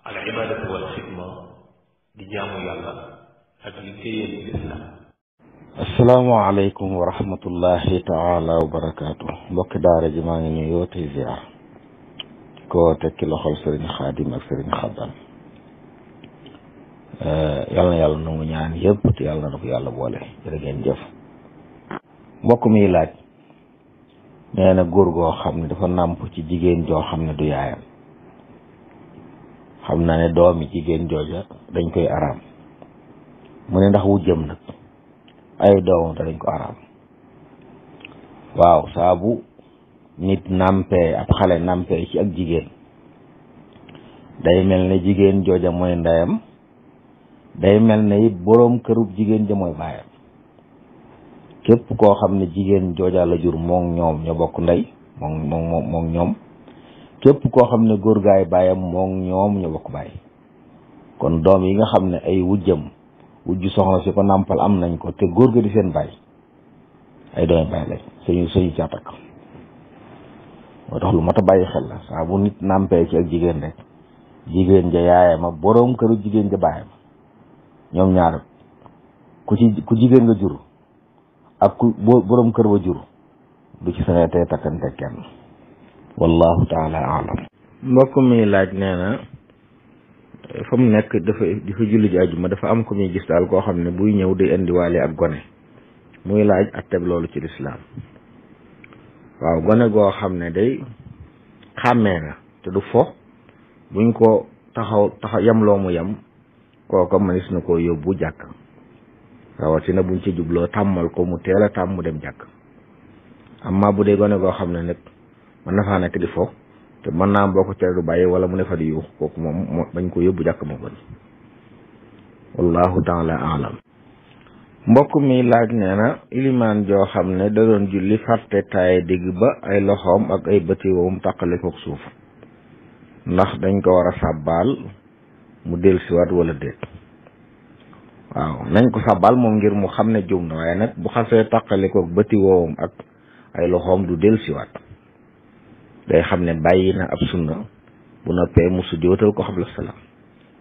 al ibadatu wal xidma di wa barakaatu mbokki daara ji maa ngi nuyoo tey ziar ko te loxol sëriñ xaadim ak sëriñ xaban eh, yal yàlla nangu ñaan yëpp te yàlla na ko yàlla boole jërë ngeen jëf mbokk mi laaj nee na góor goo xam ne dafa nàmp ci jigéen joo xam ne du yaayam xam naa ne doomi jigéen jooja dañ koy araam mu ne ndax wu jëm nag ay doomam dañ ko araam waaw saabu nit nampee ab xale nampee ci ak jigéen day mel ne jigéen jooja mooy ndeyam day mel ne it boroom kërub jigéen ja mooy baayam képp koo xam ne jigéen jooja la jur moom ñoom ñoo bokk ndey moom moom ñoom képp koo xam ne góor gaay baayam moom ñoom ñu bokk baay kon doom yi nga xam ne ay wujjam wujju soxna si ko nàmpal am nañ ko te góor ga di seen baay ay doomi baay lañ suñu suñu caatak moo tax lu mat a bàyyi xel la saa bu nit nàmpee ci ak jigéen rek jigéen ja yaayama boroom ñoom ñaar ku ci ku jigéen nga jur boroom kër ba jur du ci saxee tey takkante kenn wallahu taala alam laaj nee na fa nekk dafa dafa julli am ko muy gis daal koo xam ne buy ñëw day indiwaale ak gone muy laaj atteb loolu ci lislaam waaw gone goo xam ne day xàmmee na te du fo buñ ko taxaw taxaw yam loo mu yam kooka mënees na koo yóbbu jàkk rawatina buñ ci jubloo tàmmal ko mu teel a tàmm mu dem jàkk amma bu dee gone goo xam ne nag mën na faa te mën naa boo ko tere du bàyyi wala mu ne fa di yuux kooku moom moo bañ ko yóbbu jàkk moo gën mi laaj nee na joo xam ne da doon julli fàtte taaye ak ay bëti wowum taqale kook suuf ndax dañ ko war a sàbbaal mu del siwaat wala déet waaw nañ ko sàbbaal moom ngir mu xam ne jum na waaye nag bu xasee taqale kook bëti wowum ak ay loxoom du del siwaat day xam ne bàyyi na ab sunna bu noppee mu sujjóotal ko xabla salaam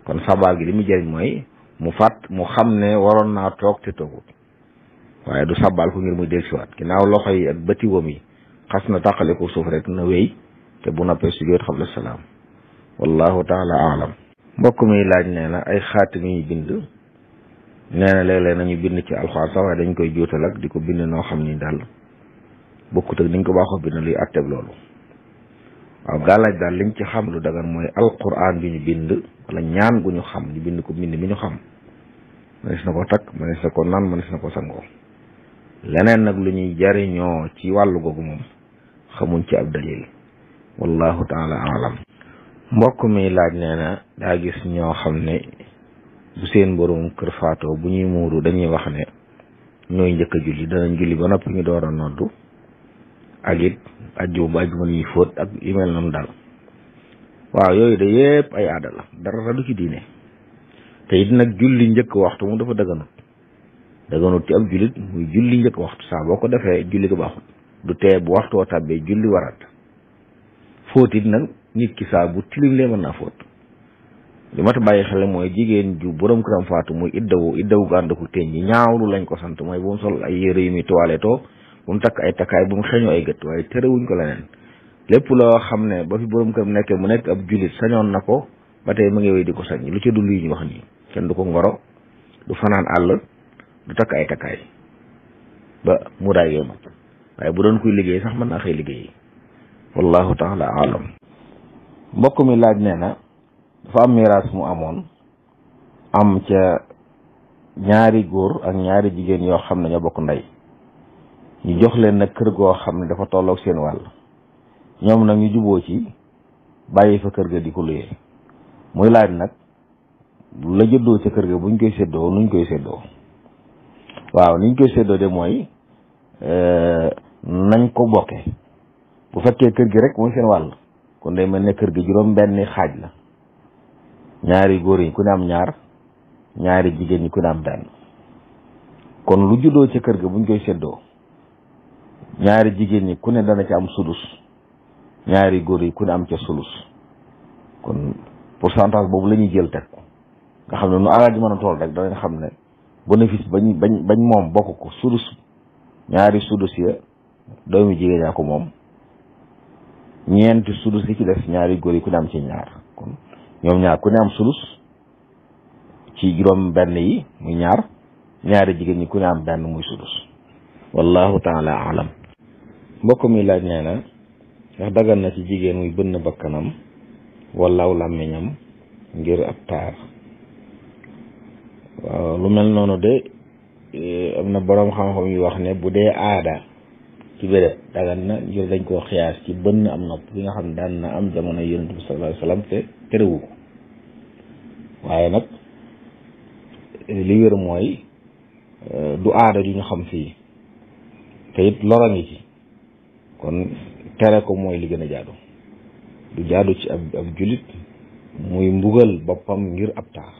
kon sabaar gi li mu jëriñ mooy mu fàtt mu xam ne waroon naa toog te toogul waaye du sabbal ko ngir muy del siwaat ginnaaw loxo yi ak bëti wom yi xas na tàqale ko suuf rek na wéy te bu noppee sujjóot xabla salaam wallahu taala aalam mbokk mi laaj nee na ay xaatim yi bind nee na léeg-léeg nañu bind ci alxuraan sax waaye dañ koy juutal ak di ko bind noo xam ni daal bokkut ak niñ ko baaxoo bind luy àtteeb loolu waaw gàllaaj daal liñ ci xam lu dagan mooy alquran bi ñu bind wala ñaan gu ñu xam ñu bind ko bind mi ñu xam mënees na ko takk mënees na ko naan mënees na ko sangoo leneen nag lu ñuy jariñoo ci wàllu googu moom xamuñ ci ab dalil wallahu taala alam mbokk mi laaj nee na daa gis ñoo xam ne bu seen borom kër faatoo bu ñuy muuru dañuy wax ne ñooy njëkk a julli danañ julli ba noppi ñu door a noddu ak it ajjuma bu ajjuma ñuy fóot ak yu mel noonu daal waaw yooyu de yépp ay aada la dara du ci diine te it nag julli njëkk waxtu moom dafa daganut daganut ci ab jullit muy julli njëkk waxtu saa boo ko defee julli ko baaxut du tee bu waxtoo tàbbee julli waraat fóot it nag nit ki saa bu tilim lee mën naa fóot li mat bàyyi xel mooy jigéen ju borom këram faatu muy iddawu iddawu gàndaku teñ ñi ñaawlu lañ ko sant mooy bu mu sol ay yére yu muy toilettoo bu mu takk ay takkaay bu mu xeeñoo ay gët waaye terewuñ ko leneen lépp loo xam ne ba fi borom këram nekkee mu nekk ab jullit sañoon na ko ba tey mu ngi wéy di ko sañ lu ca dul yi ñu wax nii kenn du ko ngoro du fanaan àll du takk ay takkaay ba mu raay yooma waaye bu doon kuy liggéey sax mën naa xëy liggéey wallahu taala alam mbokk mi laaj nee na dafa am miraas mu amoon am ca ñaari góor ak ñaari jigéen yoo xam ne ñoo bokk ndey ñu jox leen nag kër goo xam ne dafa tollook seen wàll ñoom nag ñu juboo ci bàyyi fa kër ga di ko luyee muy laaj nag la jëddoo ca kër ga buñ koy séddoo nuñ koy séddoo waaw niñ koy séddoo de mooy euh, nañ ko bokke bu fekkee kër gi rek mooy seen wàll kon day mel ni kër gi juróom benni xaaj la ñaari góor yi ku ne am ñaar ñaari jigéen ñi ku ne am benn kon lu juddoo ca kër ga buñ koy séddoo ñaari jigéen ñi ku ne dana ci am sudus ñaari góor yi ku ne am ca sulus kon pourcentage boobu la ñuy jël teg ko nga xam ne nu alal ji mën a tool rek danañ xam ne bénéfice bañ bañ bañ moom bokk ko sudus ñaari sudus ya doomi jigéen ñaa ko moom ñeenti sudus yi ci def ñaari góor yi ku ne am ci ñaar kon ñoom ñaar ku ne am sulus ci juróom benn yi muy ñaar ñaari jigéen ñi ku ne am benn muy sudus wallahu taala alam mbokk mi laaj nee na ndax dagan na ci jigéen muy bënn bakkanam walaw làmmiñam ngir ab taar waaw lu mel noonu de eh, am na boroom xam-xam yu wax ne bu dee aada ci béréb dagan ngir dañ koo xiyaas ci bënn am nopp bi nga xam daan na am jamono yonent bi sallallahu waaye nag eh, li wér mooy eh, du aada yu xam fii te it ci kon tere ko mooy li gën a jaadu du jaadu ci ab ab jullit muy mbugal boppam ngir ab taar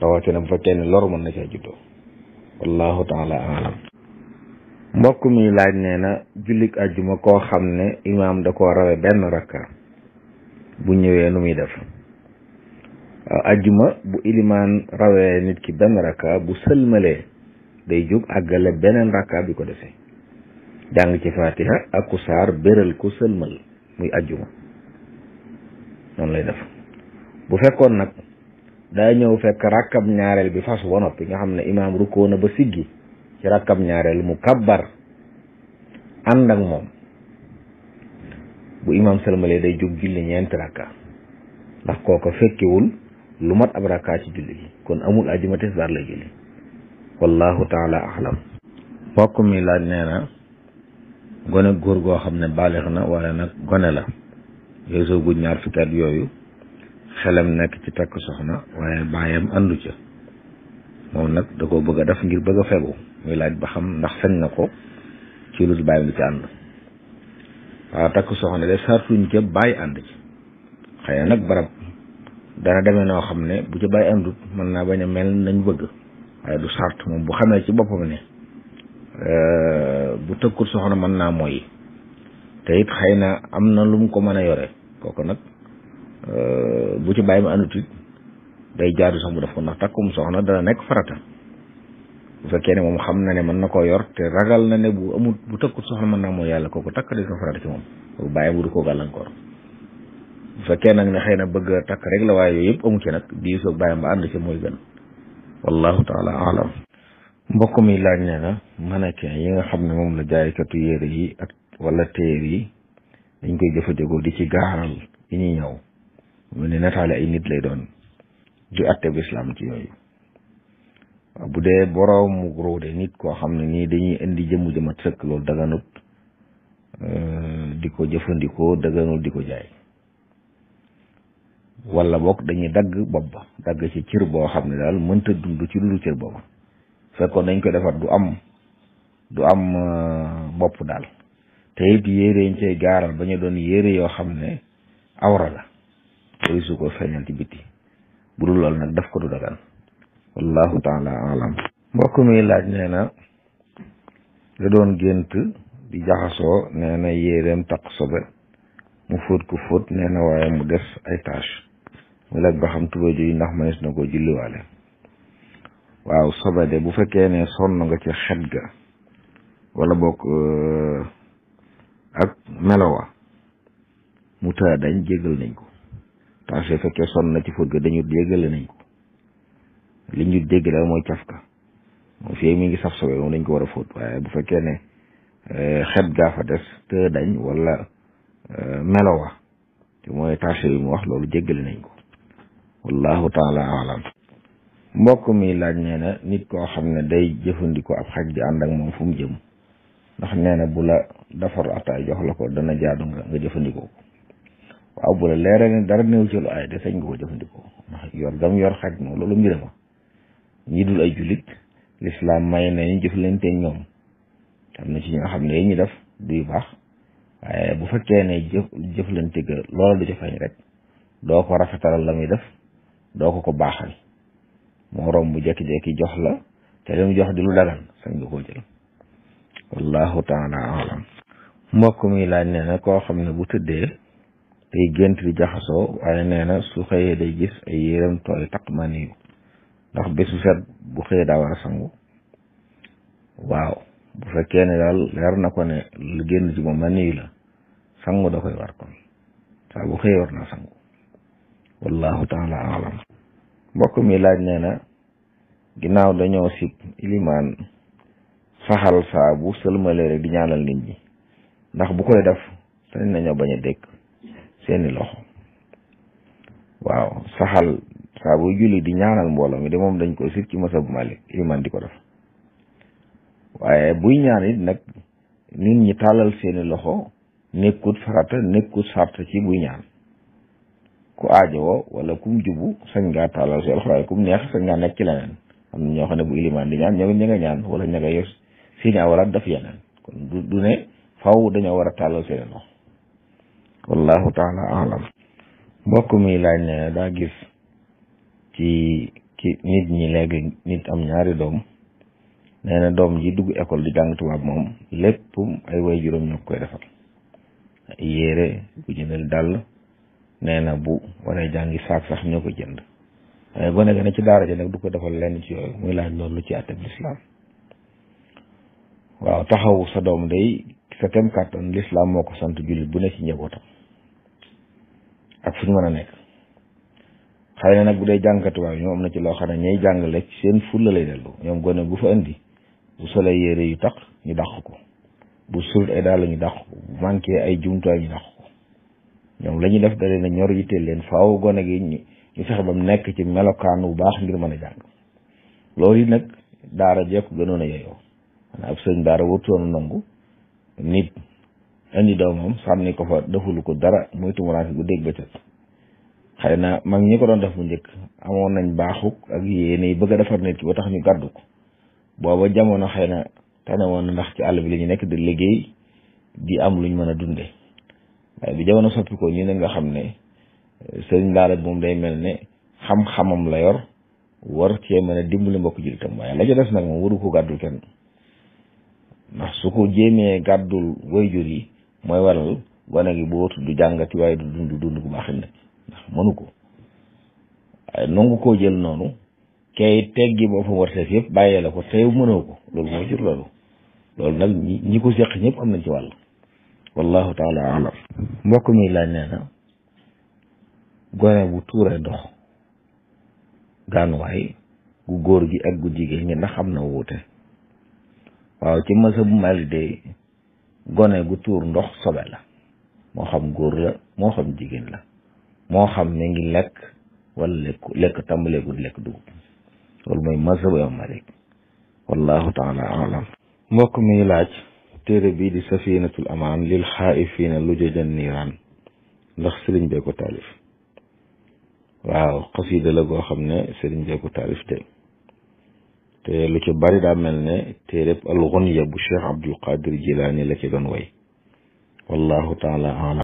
rawatina bu fekkee ne lor mën na caa juddoo wallahu taala alam mbokk mi laaj nee na jullik ajjuma koo xam ne imaam da koo rawe benn rakka bu ñëwee nu muy def waaw ajjuma bu ilimaan rawee nit ki benn rakka bu sëlmalee day jóg àggale beneen rakka bi ko defee jàng ci fatiha ak ku saar béral ku sëlmal muy ajjuma noonu lay def bu fekkoon nag daa ñëw fekk rakkab ñaareel bi fas wa noppi nga xam ne imaam rukkoo na ba siggi ci rakkab ñaareel mu kabbar ànd ak moom bu imaam sëlmalee day jóg julli ñeenti rakka ndax kooko fekkewul lu mat ab rakka ci julli kon amul ajjuma tes daal lay julli wallahu taala alam mbokk mi laaj nee gone góor goo xam ne baalix na wala nag gone la yooyu gu ñaar fukki yooyu xelam nekk ci takk soxna waaye baayam àndu ca moom nag da koo bëgg a def ngir bëgg a fegu laaj ba xam ndax sañ na ko ci lu baayam di ci ànd waaw takk soxna de sartuñ ca bàyyi ànd ci xëy na nag barab dana demee noo xam ne bu ca bàyyi àndut mën naa bañ a mel nañ bëgg waaye du sart moom bu xamee ci boppam ne bu tëkkul soxna mën naa mooy te it xëy na am na lu mu ko mën a yore kooku nag euh, bu ci bàyyi ma anut it day jaadu sax mu def ko ndax takkum soxna dana nekk farata bu fekkee ne moom xam na ne mën na koo yor te ragal na ne bu amul bu tëkkul soxna mën naa mooy yàlla kooku takk dina farata ci moom bu bàyyi bu du ko gàllankoor bu fekkee nag ne xëy na bëgg a takk rek la waaye yooyu yëpp amu ci nag diisoo bàyyam ba ànd ci mooy gën wallahu taala alam mbokk mi laaj ne na mannequin yi nga xam ne moom la jaaykatu yére yi ak wala téer yi dañ koy jëfandikoo di ci gaaral yi ñuy ñëw mu ne nataale ay nit lay doon du àtte bu islaam ci yooyu bu dee boroomu ruude nit koo xam ne nii dañuy indi jëmu jëmat sëkk loolu daganut euh, di ko jëfandikoo daganut di ko jaay wala boog dañuy dagg bopp ba dagg ci cër boo xam ne daal mënta dund ci lu cër booba fekkoon dañ ko defar du am du am euh, bopp daal te it yére yiñ cay gaaral ba doon yére yoo xam ne awrala la koy su feeñal ci biti bu dul lool nag def ko du dagan wallahu taala alam mbokk mi laaj nee na da doon gént di jaxasoo nee na yéreem taq sobe mu fóot ko fóot nee na waaye mu def ay tâche mu laaj ba xam tuba jooju ndax mënees na koo julliwaale waaw sobe bu fekkee ne sonn nga ci xet ga wala bokk euh, ak melowa mu taa dañ jégal nañ ko tànse fekkee sonn na ci fóot ga dañu jégale nañ ko li ñu dégg daal mooy caf ka moom fii mi ngi saf sobe moom dañ ko war a fóot waaye bu fekkee ne euh, xet gaa fa def te dañ wala euh, melowa te mooy tànse bi mu wax loolu jégale nañ ko wallahu taala alam mbokk mi laaj nee na nit koo xam ne day jëfandikoo ab xaj di ànd ak moom fu mu jëm ndax nee na bu la defar ataay jox la ko dana jaadu nga jëfandikoo ko waaw bu la leeree ne dara néew ci lu ay de sañ nga ko jëfandikoo ndax yor gam yor xaj moom loolu mbir ma ñi dul ay jullit lislaam may na nañu jëflante ñoom am na ci ñoo xam ne yi ñu def duy baax waaye bu fekkee ne jëf jëflante ga loola du ca feeñ rek doo ko rafetaral la muy def doo ko ko baaxal moo romb jekki-jekki jox la te li jox di lu dagan sañ nga koo wallahu taala alam mbokk mi laaj nee na koo xam ne bu tëddee day gént di jaxasoo waaye su xëyee day gis ay yéram tooy taq maniyu ndax bésu set bu xëyee daa war sangu waaw bu fekkee ne daal da koy war kon saa bu xëyee war naa sangu wallahu taala alam mbokk mi laaj nee na ginnaaw dañoo sib ilimaan saxal saabu bu rek di ñaanal nit ñi ndax bu ko def sañ nañoo bañ a dëkk seeni loxo waaw saxal saa buy julli di ñaanal mbooloo mi de moom dañ koy sib ci masa bu malik ilimaan di ko def waaye buy ñaan it nag nit ñi tàllal seeni loxo nekkut farata nekkut sart ci buy ñaan ku aajowoo wala kum jubu sañ ngaa taalal si alxuraan kum neex sañ ngaa nekk ci leneen am ñoo xam ne bu ilimaan di ñaan ñoo ña ñaan wala ña nga yor si ñaa wala daf yeneen kon du du faw dañoo war a taalal seen loxo wallahu taala alam mbokk mi laaj ne daa gis ci ki nit ñi léegi nit am ñaari doom nee na doom ji dugg école di jàng tubaab moom lépp ay way juróom ñoo koy defal yére bu jëndal dàll nee na bu waree jàngi saak sax ñoo ko jënd waaye gone ga ne ci daara ji nag du ko defal lenn ci yooyu muy laaj loolu ci àttab lislaam waaw taxawu sa doom day sa kem kàttan lislaam moo ko sant jullit bu ne ci njabootam ak fu ñu mën a nekk xëy na nag bu dee jàngkatuwaay bi ñoom am na ci loo xam ne ñay jàngale ci seen fulla lay dellu ñoom gone bu fa indi bu solee yére yu tax ñu dàq ko bu sulut ay daal la dàq ko bu manqué ay jumtuwaay ñu dàq ñoom la def da leen ñor yitteel leen faaw gone gi ñu ñu fexe ba mu nekk ci melokaan bu baax ngir mën a jàng loolu yi nag daara jekk gënoon a yeyoo maanaam ab sëñ daara wërtoon nangu nit indi doomam sànni ko fa defulu ko dara muy tumuraanke gu dégg xëy na mag ñi ko doon def bu njëkk amoon nañ baaxuk ak yéene bëgg a defar nit ki tax ñu gàddu ko booba jamono xëy na tane woon na ci àll bi ñu nekk di liggéey di am luñ mën a dunde waaye eh, bi jamono soppi ko ñi na nga xam ne eh, sëriñ daara moom day mel ne xam-xamam la yor war cee mën a dimbali mbokk jullitam waaye la ca des nag moom waru ko gàddul kenn ndax su ko jéemee gàddul wayjur yi mooy waral gone gi boo du jàngati waaye du dund dund gu baaxin nag ndax mënu ko waaye nangu koo jël noonu kay teggi boo fa warteef yëpp bàyyee la ko tey mënoo ko loolu mooy jur loolu loolu nag ñi ko seq ñëpp am nañ ci wàll wallahu taala alam mbokk mi laaj nee na gone bu tuuree ndox gaanuwaay gu góor gi ak gu jigéen ñi ndax xam na wuute waaw ci mësa bu mali de gone gu tuur ndox sobe la moo xam góor la moo xam jigéen la moo xam ne ngi lekk wala lekk lekk tàmbaleegul lekk dugub loolu mooy mësa bu mali wallahu taala alam mbokk mi laaj téere bii di safinatul amaan lil xaa'ifiina lujajan niiraan ndax sëriñ bee ko taalif waaw xasiida la xam ne sëriñ bee ko taalif de te lu ci bari daa mel ne téereb al xunya bu cheikh abdul qadir jilaani la way wallahu taala alam